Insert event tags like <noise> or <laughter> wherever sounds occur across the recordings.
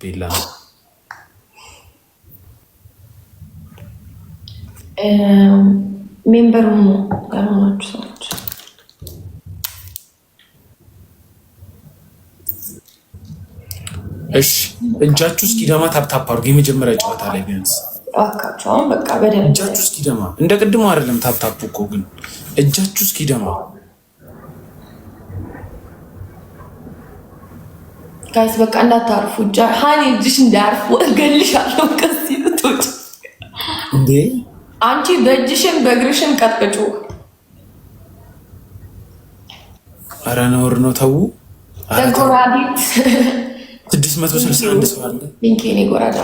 ቢላ ሜምበር ሆኖ ሰዎች እሺ፣ እጃችሁ እስኪደማ ታፕታፕ አድርጉ። የመጀመሪያ ጨዋታ ላይ ቢያንስ እባካችሁ አሁን በቃ በደንብ እጃችሁ እስኪደማ እንደ ቅድሞ አይደለም። ታፕታፕ እኮ ግን እጃችሁ እስኪደማ ጋይስ በቃ እንዳታርፉ፣ ሀኒ እጅሽ እንዳያርፉ እገልሻለሁ። ከዚህ ልቶች እንዴ አንቺ በእጅሽን በእግርሽን ቀጥቅጩ። ኧረ ነውር ነው ተዉ። ጎራዴት ስድስት መቶ ስልሳ አንድ ሰው አለ። ንኬኔ ጎራዳ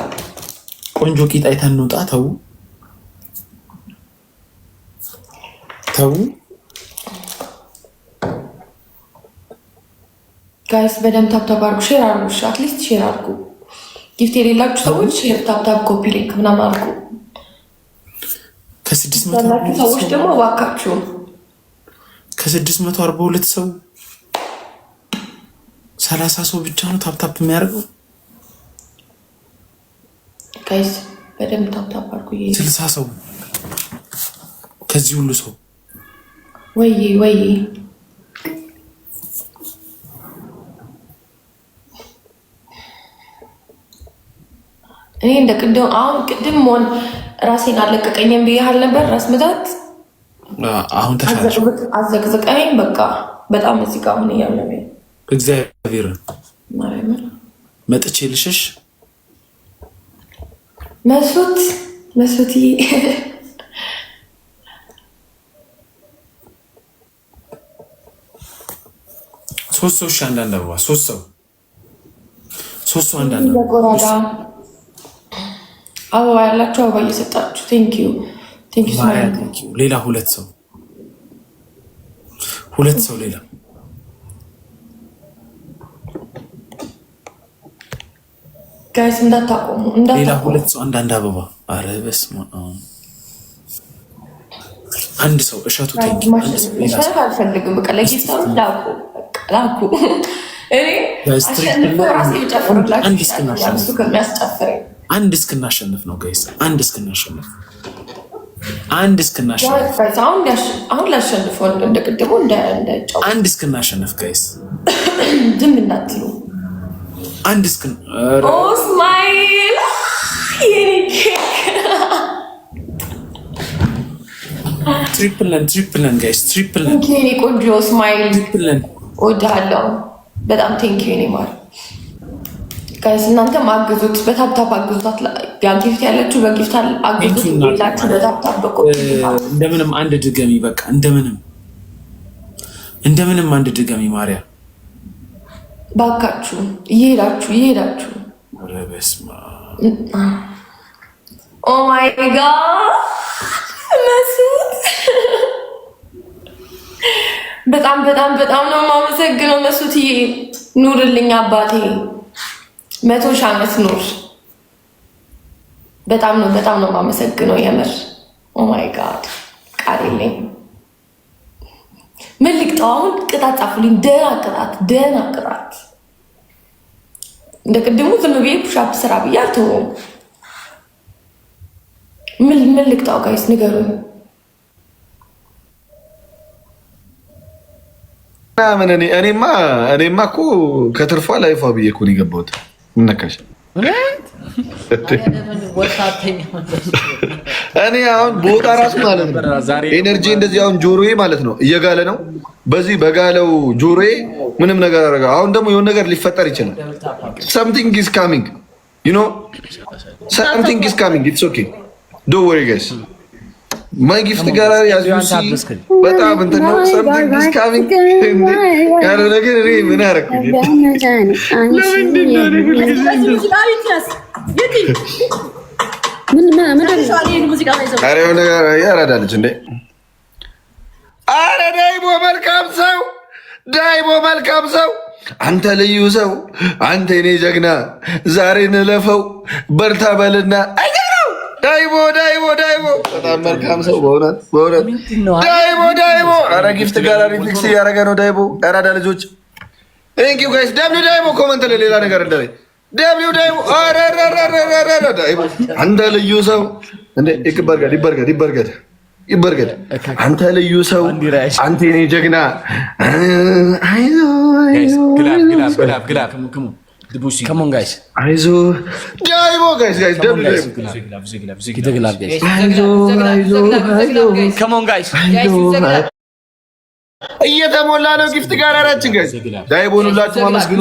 ቆንጆ ቂጣ አይተን እንውጣ። ተዉ ተዉ። ጋይስ በደንብ ታብታብ አርጉ፣ ሼር አርጉ። አትሊስት ሼር አርጉ። ጊፍት የሌላችሁ ሰዎች ሼር፣ ታብታብ፣ ኮፒ ሊንክ ምናምን አርጉ። ከስድስት ሰዎች ደግሞ እባካችሁ ከስድስት መቶ አርባ ሁለት ሰው ሰላሳ ሰው ብቻ ነው ታፕታፕ የሚያደርገው። ጋይስ በደንብ ታብታብ አርጉ። ስልሳ ሰው ከዚህ ሁሉ ሰው ወይ ወይ እኔ እንደ ቅድም አሁን ቅድም ሆን ራሴን አለቀቀኝም ብያህል ነበር። ራስ ምታት አሁን አዘቅዘቀኝ። በቃ በጣም እዚጋ አሁን እያለ እግዚአብሔር መጥቼ ልሽሽ መስት መስት ሶስት ሰው እሺ፣ አንዳንድ አበባ ሶስት ሰው ሶስት ሰው አንዳንድ አበባ ያላችሁ አበባ እየሰጣችሁ ቴንኪዩ ቴንኪዩ። ሌላ ሁለት ሰው ሁለት ሰው ሌላ ጋይስ እንዳታቆሙ፣ ሌላ ሁለት ሰው አንዳንድ አበባ። አረ በስመ አብ አንድ ሰው እሸቱ አልፈልግም። ለጌታ ላኩ ላኩ። እኔ ራሴ ጨፍርላችሁ ከሚያስጨፍረኝ አንድ እስክናሸንፍ ነው ጋይስ፣ አንድ እስክናሸንፍ አንድ እስክናሸንፍ አንድ እስክናሸንፍ ጋይስ፣ <clears throat> ዝም እንዳትሉ አንድ እስክን እስማኤል ትሪፕልን ጋይስ ትሪፕልን ቆንጆ እስማኤል ወድሃለሁ በጣም ቴንኪው ኔማር ጋይስ እናንተ አግዙት፣ በታብታብ አግዙት። ጊፍት ያለችው በጊፍት አግዙት፣ ላችሁ በታብታብ እንደምንም አንድ ድገሚ፣ በቃ እንደምንም እንደምንም አንድ ድገሚ። ማርያ ባካችሁ፣ እየሄዳችሁ እየሄዳችሁ፣ በስመ ኦ ማይ ጋድ መስት በጣም በጣም በጣም ነው የማመሰግነው። መሱትዬ ኑርልኝ አባቴ መቶ ሺህ ዓመት ኑር። በጣም ነው በጣም ነው የማመሰግነው። የምር ኦማይ oh ጋድ ቃል የለኝ። ምን ልቅጠው አሁን ቅጣት ጻፉልኝ። ደህና ቅጣት ደህና ቅጣት። እንደ ቅድሙ ዝም ብዬ ፑሻፕ ስራ ብዬ አልተወውም። ምን ምን ልቅጣው ጋይስ ንገሩኝ። ምን እኔ እኔማ እኔማ እኮ ከትርፏ ላይፏ ብዬ እኮ ነው የገባሁት ነካሽ? እኔ አሁን ቦታ ራሱ ማለት ነው ኤነርጂ እንደዚህ አሁን ጆሮዬ ማለት ነው እየጋለ ነው። በዚህ በጋለው ጆሮዬ ምንም ነገር አረጋ። አሁን ደግሞ የሆነ ነገር ሊፈጠር ይችላል። ሰምቲንግ ኢዝ ካሚንግ ዩ ኖ ሰምቲንግ ካሚንግ ኢትስ ኦኬ ዶንት ወሪ ጋይስ ማይ ጊፍት ጋላሪ በጣም እንትን ነው። ሰምቲንግ ካሚንግ ያለው ነገር እኔ ምን አደረኩኝ? ያረዳለች እንዴ? አረ ዳይቦ መልካም ሰው፣ ዳይቦ መልካም ሰው፣ አንተ ልዩ ሰው፣ አንተ የኔ ጀግና፣ ዛሬ ንለፈው፣ በርታ በልና ዳይቦ ዳይቦ ዳይቦ በጣም መልካም ሰው በእውነት በእውነት ዳይቦ ዳይቦ። ኧረ ጊፍት ጋር ሪፍሌክስ እያደረገ ነው ዳይቦ። አራዳ ልጆች ቴንኪው ጋይስ። ደብሊው ዳይቦ ኮመንት ላይ ሌላ ነገር እንዳለ ደብሊው ዳይቦ። ኧረ ዳይቦ አንተ ልዩ ሰው እንዴ! ይበርገድ ይበርገድ ይበርገድ ይበርገድ። አንተ ልዩ ሰው፣ አንተ የኔ ጀግና። አይዞህ ግላብ ግላብ ግላብ ግላብ Come on, እየተሞላ ነው ጊፍት ጋር አራችን guys ዳይቦኑላችሁ ማመስግኑ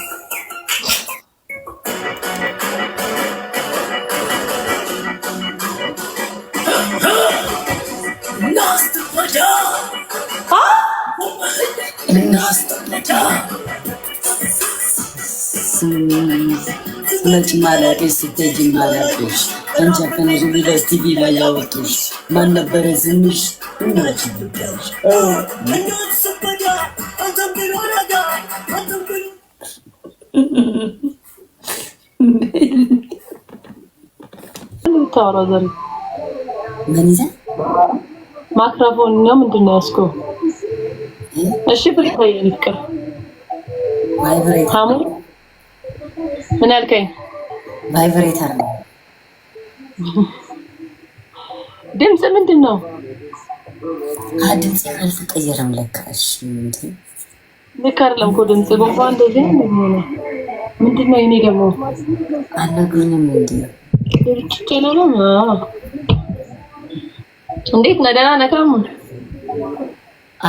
ነጭ ማሊያ አድርገሽ ስትሄጂ ማሊያ አድርገሽ አንቻከነሽ ቢለስ ቲቪ ላይ ያወጡሽ ማን ነበረ ዝምሽ? እናትሽ ጉዳይሽ ምን ታወራ ዛሬ ምን ይዘን ማክራፎን ነው ምንድን ነው ያዝከው? እሺ ፍሪታይ ይልቀር ታሙ ምን ያልከኝ? ቫይብሬተር ነው ድምፅ ምንድን ነው? ድምፅ አልተቀየረም ልክ አይደለም እኮ ድምፅ እንደዚህ ምንድን ነው? ደግሞ ነው ነው እንዴት ነህ? ደህና ነህ? ከሙን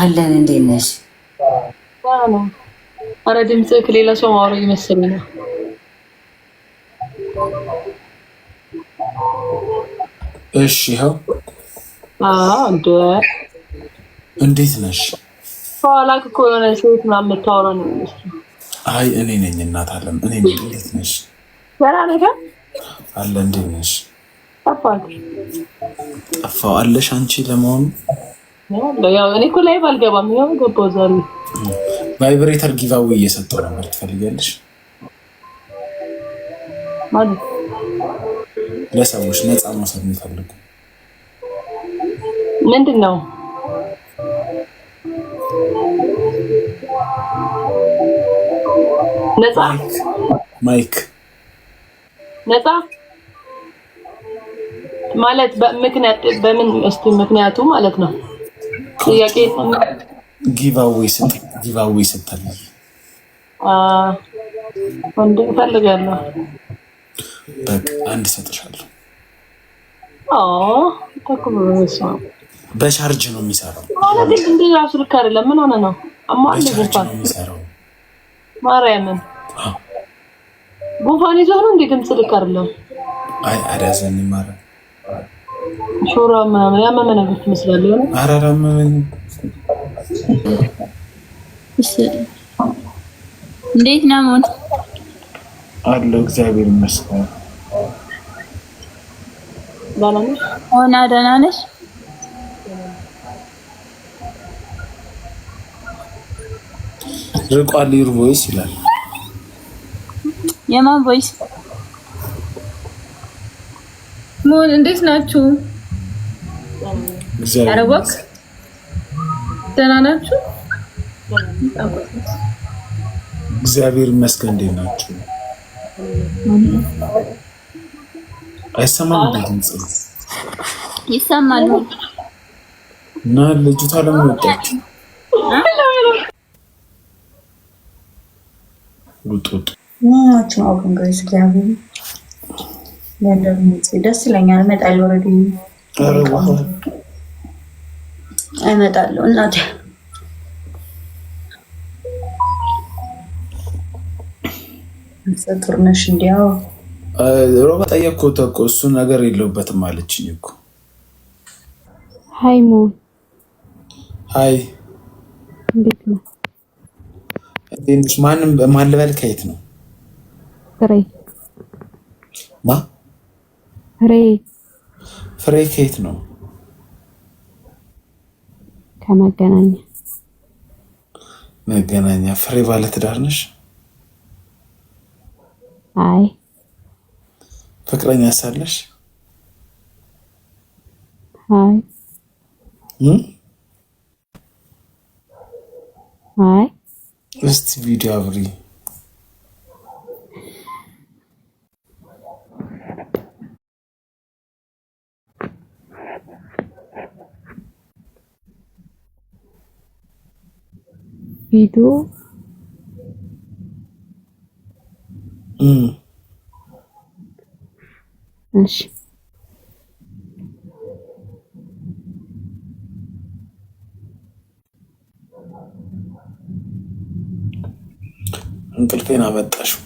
አለን። እንዴት ነሽ? አረ ድምፅህ ከሌላ ሰው ማውራት ይመስለኝ ነው። እሺ ይኸው። አዎ እንዴት ነሽ? ኋላ እኮ የሆነ ሴት ምናምን የምታወራው ነው የሚመስለው። አይ እኔ ነኝ እናት አለም። እኔ እንዴት ነሽ? ደህና ነህ? አለ እንዴት ነሽ? ጠፋው አለሽ አንቺ ለመሆኑ እኔ እኮ ላይ ባልገባም ያው ገባሁ ዛሬ ቫይብሬተር ጊቫዌ እየሰጠው ነበር ትፈልጊያለሽ ለሰዎች ነፃ መውሰድ የሚፈልጉ ምንድን ነው ነፃ ማይክ ነፃ ማለት በምክንያት በምን እስቲ ምክንያቱ ማለት ነው ጥያቄ ጊቫዌ ስንት ጊቫዌ ስትል ወንድ ፈልጋለሁ። በቃ አንድ ሰጥሻለሁ። በቻርጅ ነው የሚሰራው። ማለት ራሱ ልክ አይደለም። ምን ሆነ ነው አማ አንድ ጉንፋን የሚሰራው ማርያምን ጉንፋን ይዞ ነው እንዴ ድምጽ ልክ አይደለም። አይ አዳዘን ማርያም ሾሮ ምናምን ያመመ ነገር ትመስላለህ። የሆነ ኧረ አላመመኝም። እንዴት ነው ሞት አለው። እግዚአብሔር ይመስገን። ሆና ደህና ነሽ? ርቋል ቮይስ ይላል። የማን ቮይስ ሲሞን እንዴት ናችሁ? ረቦክ ደህና ናችሁ? እግዚአብሔር ይመስገን። እንዴት ናችሁ? አይሰማም? ድምፅ ይሰማል። እና ልጅቷ ለምን ወጣች? ውጡ ውጡ ደስ ይለኛል። እመጣለሁ ወረድ እመጣለሁ እናቴ ፍጡርነሽ እንዲያው ሮባ ጠየቅኩት እኮ እሱ ነገር የለውበትም አለችኝ እኮ። ሀይ ሞ ሀይ፣ እንዴት ነው? ማንም ማን ልበል? ከየት ነው? ፍሬ ፍሬ ፍሬ ከየት ነው? ከመገናኛ መገናኛ። ፍሬ ባለ ትዳር ነሽ? አይ ፍቅረኛ ሳለሽ? አይ አይ። እስቲ ቪዲዮ አብሪ ቪዲዮ እሺ እንቅልፌን አመጣሽው።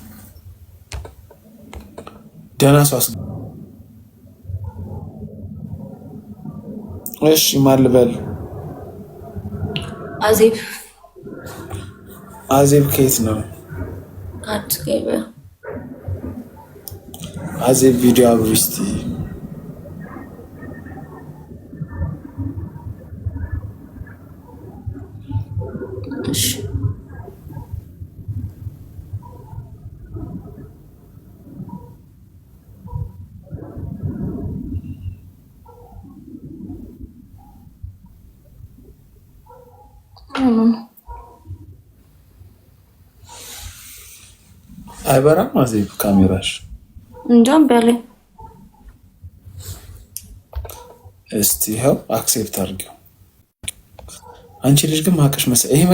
ደህና ሰው እሺ ማልበል አዜብ As if case no. At gave. As if video have reached. I don't know. አይበራም አዜብ ካሜራሽ እንጃም በለኝ። እስቲ ይኸው አክሴፕት አድርጊው። አንቺ ልጅ ግን ማቀሽ መሰለኝ።